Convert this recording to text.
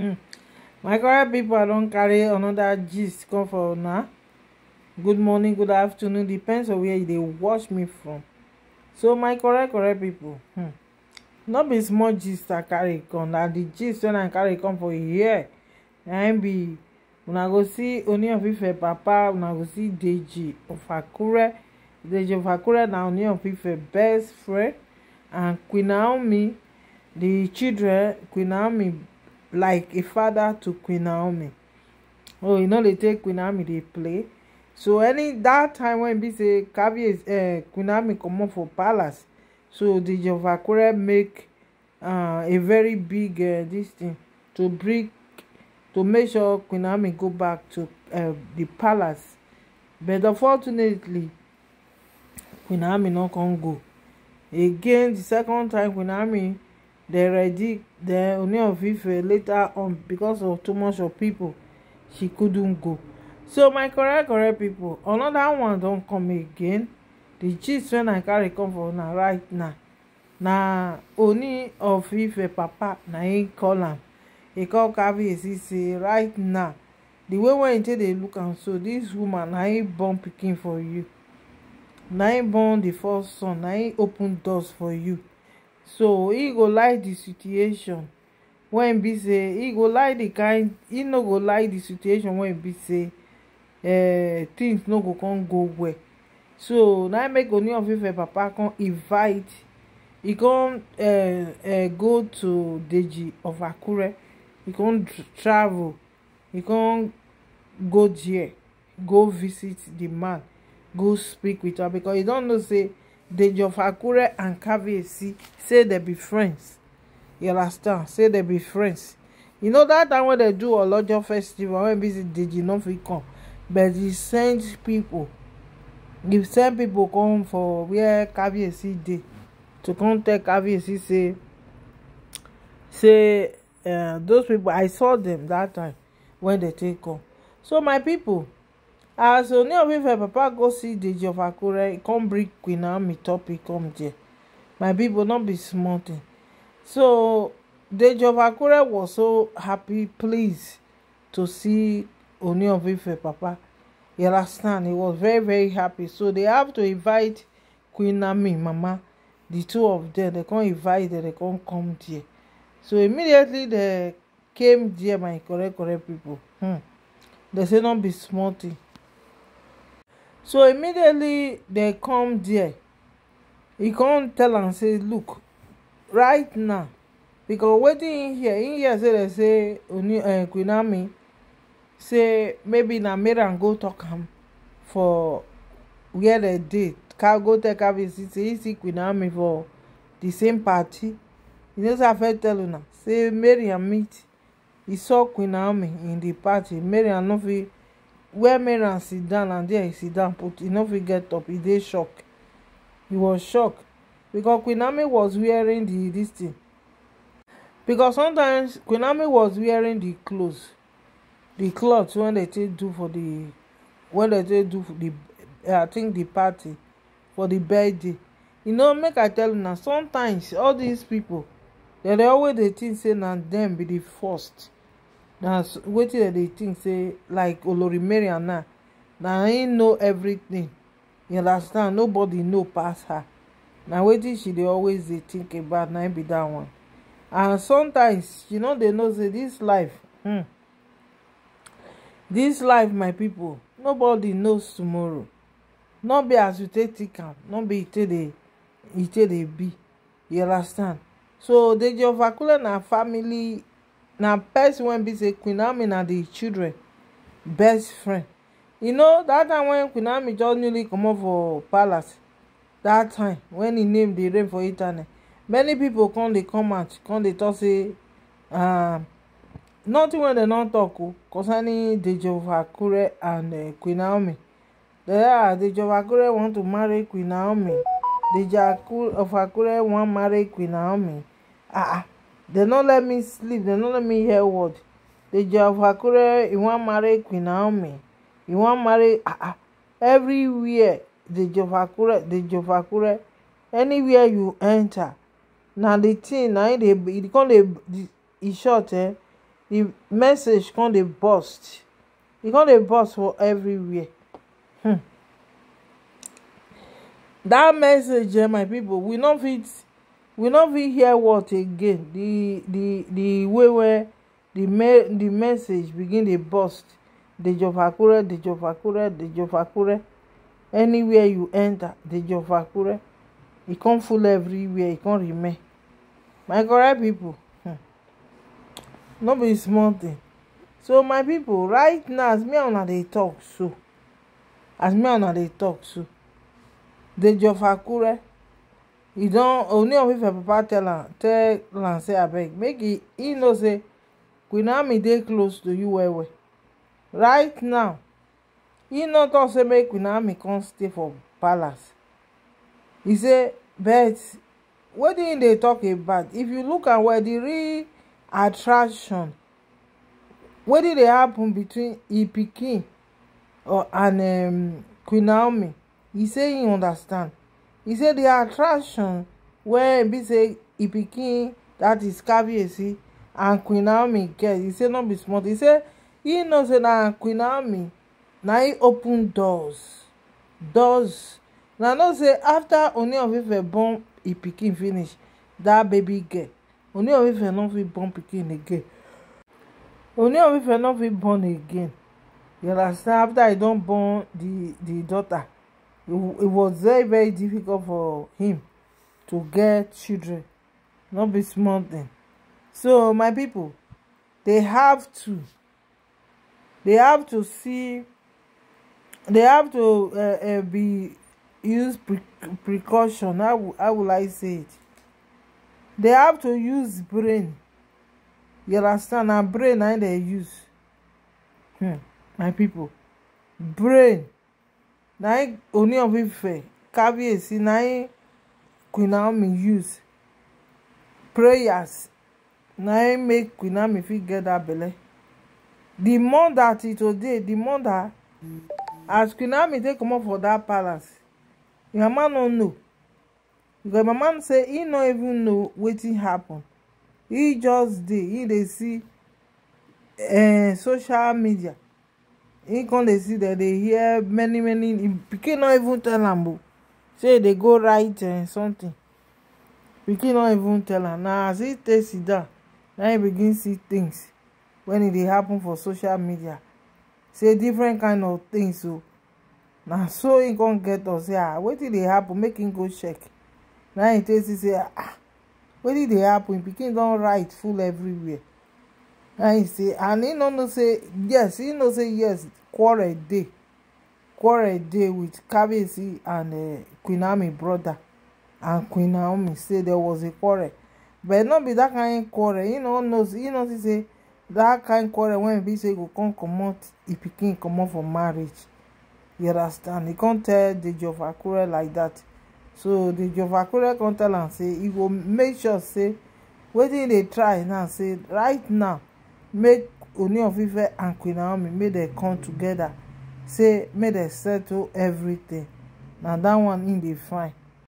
Hmm. my correct people i don carry another gist come for una good morning good afternoon depends on where you dey watch me from so my correct correct people. hmm no be small gist i carry come na di gist wey i carry come for here na im be una go see oni of ife papa una go see deji ofakure deji ofakure na oni of ife best friend and queen naomi di children queen naomi like a father to queen naomi oh you know they take queen naomi dey play so any that time when be say uh, cavies uh, queen naomi comot for palace so the jehovah kure make uh, a very big uh, dis thing to bring to make sure queen naomi go back to uh, di palace but unfortunately queen naomi no come go again the second time queen naomi dey ready den oni of ife later on because of too much of people, she couldn't go so my correct correct pipo anoda one don come again The gist wey i carry come for una right now na oni of ife papa na im call am He call Kavi kabiyesi say right now The way wey im take dey look am so this woman na im born pikin for you na im born the first son na im open doors for you so he go like the situation when be say e go like the kind he no go like the situation when be say uh, things no go come go well so na make oni of ife papa come invite he come uh, uh, go to deji of akure He come travel He come go there go visit the man go speak with am because he don know say deji of akure and Kavesi say they be friends you understand say they be friends you know that time when they do a olojo festival wen visit deji no fit come but e send people, e send people come for wia Kavesi dey to come tell Kavesi say say eh, those people i saw them that time when they take come so my people as oni of ife papa go see deji of akure e come bring queen naomi topic come there my people no be small thing so deji of akure was so happy pleased to see oni of ife papa you understand he was very very happy so they have to invite queen naomi mama the two of them they come invite them they come come there so immediately they came there my correct correct people hmm. they say no be small thing so immediately they come there He come tell am say look right now because wetin e hear e hear say dem say oni eh, queen ami say maybe na mariam go talk am for where dem dey go tell visit. say he see queen for the same party you know say i first tell una say mariam meet He saw queen in the party mariam no fit where maryam sit down and there e sit down put e no fit get up he dey shock He was shock because queen was wearing the this thing because sometimes queen was wearing the clothes the cloth wey dem take do for the wey dem take do for the i think the party for the birthday you know make i tell una sometimes all these people dem dey always dey think say na dem be the first na wetin dem dey think say like olorimarian now na im know everything you understand nobody know pass her na wetin she dey always dey think about na be that one and sometimes she no dey know say this life hmm This life my people. nobody knows tomorrow no be as you take think am no be e take dey be you understand so deji ovakule na family na person wey be say queen naomi na the children best friend you know that time when queen naomi just newly comot for palace That time when e name dey reign for internet many people come dey come out come dey talk. say um, nothing wey dem don talk. o concerning deji akure and eh, queen naomi Yeah, deji akure want to marry queen naomi deji akure wan marry queen naomi ah ah They no let me sleep They no let me hear word deji of akure e wan marry queen naomi You wan marry ah ah everywhere deji of akure deji of akure anywhere you enter na the thing na e dey e come dey e short eh the message come dey burst e come dey burst for everywhere hmm. that message eh my people we no fit we no fit hear word again di di di way wey di me di message begin dey burst dejofakure dejofakure dejofakure anywhere you enter dejofakure e come full everywhere e come remain my correct pipo hmm. no be small thing so my pipo right now as me and una dey talk so as me and una dey talk so dejofakure. He don only oh, of ife papa tell am tell am say abeg make he e know say queen Ami dey close to you well well right now he no talk say make queen Ami come stay for palace He say but wetin e dey talk about if you look am well the real attraction wetin dey happen between e pikin and um, queen Ami? He say he understand He say di attraction wey be say e pikin dat is kabiyesi and queen naomi get He say no be small e say e know say na queen naomi na he open doors doors na know say after oni of ife born e pikin finish that baby girl oni of ife no fit born pikin again oni of ife no fit born again you understand after e don born the the daughter it, was very very difficult for him to get children no be small thing so my people they have to they have to see they have to uh, uh, be use pre precaution how, how will i say it they have to use brain you understand na brain na dey use hmm, my people brain na oni of ife kabiyesi na queen naomi use prayers na im make queen fit get dat belle di more dat today di more dat as queen naomi take comot for dat palace im mama no know because mama say e no even know wetin happen e just dey e dey see eh, social media He come dey see dem dey hear many many pikin no even tell am o say dey go write uh, something pikin no even tell am na as he take sit down na he begin see things When e dey happen for social media say different kind of things o oh. na so he come get us say ah wetin dey happen make him go check na he take see say ah wetin dey happen pikin don write full everywhere na im say and he no know say yes He know say yes quarrel dey quarrel dey with kabiyesi and uh, queen naomi brother and queen naomi say there was a quarrel but no be that kind of quarrel he no know he no see say that kind of when wey be say go come comot e pikin comot for marriage you understand he come tell the Jehovah akure like that so the Jehovah akure come tell am say he go make sure say wetin he dey try now say right now make oni of ife and queen naomi make dem come together say make dem settle everything now that one im dey fine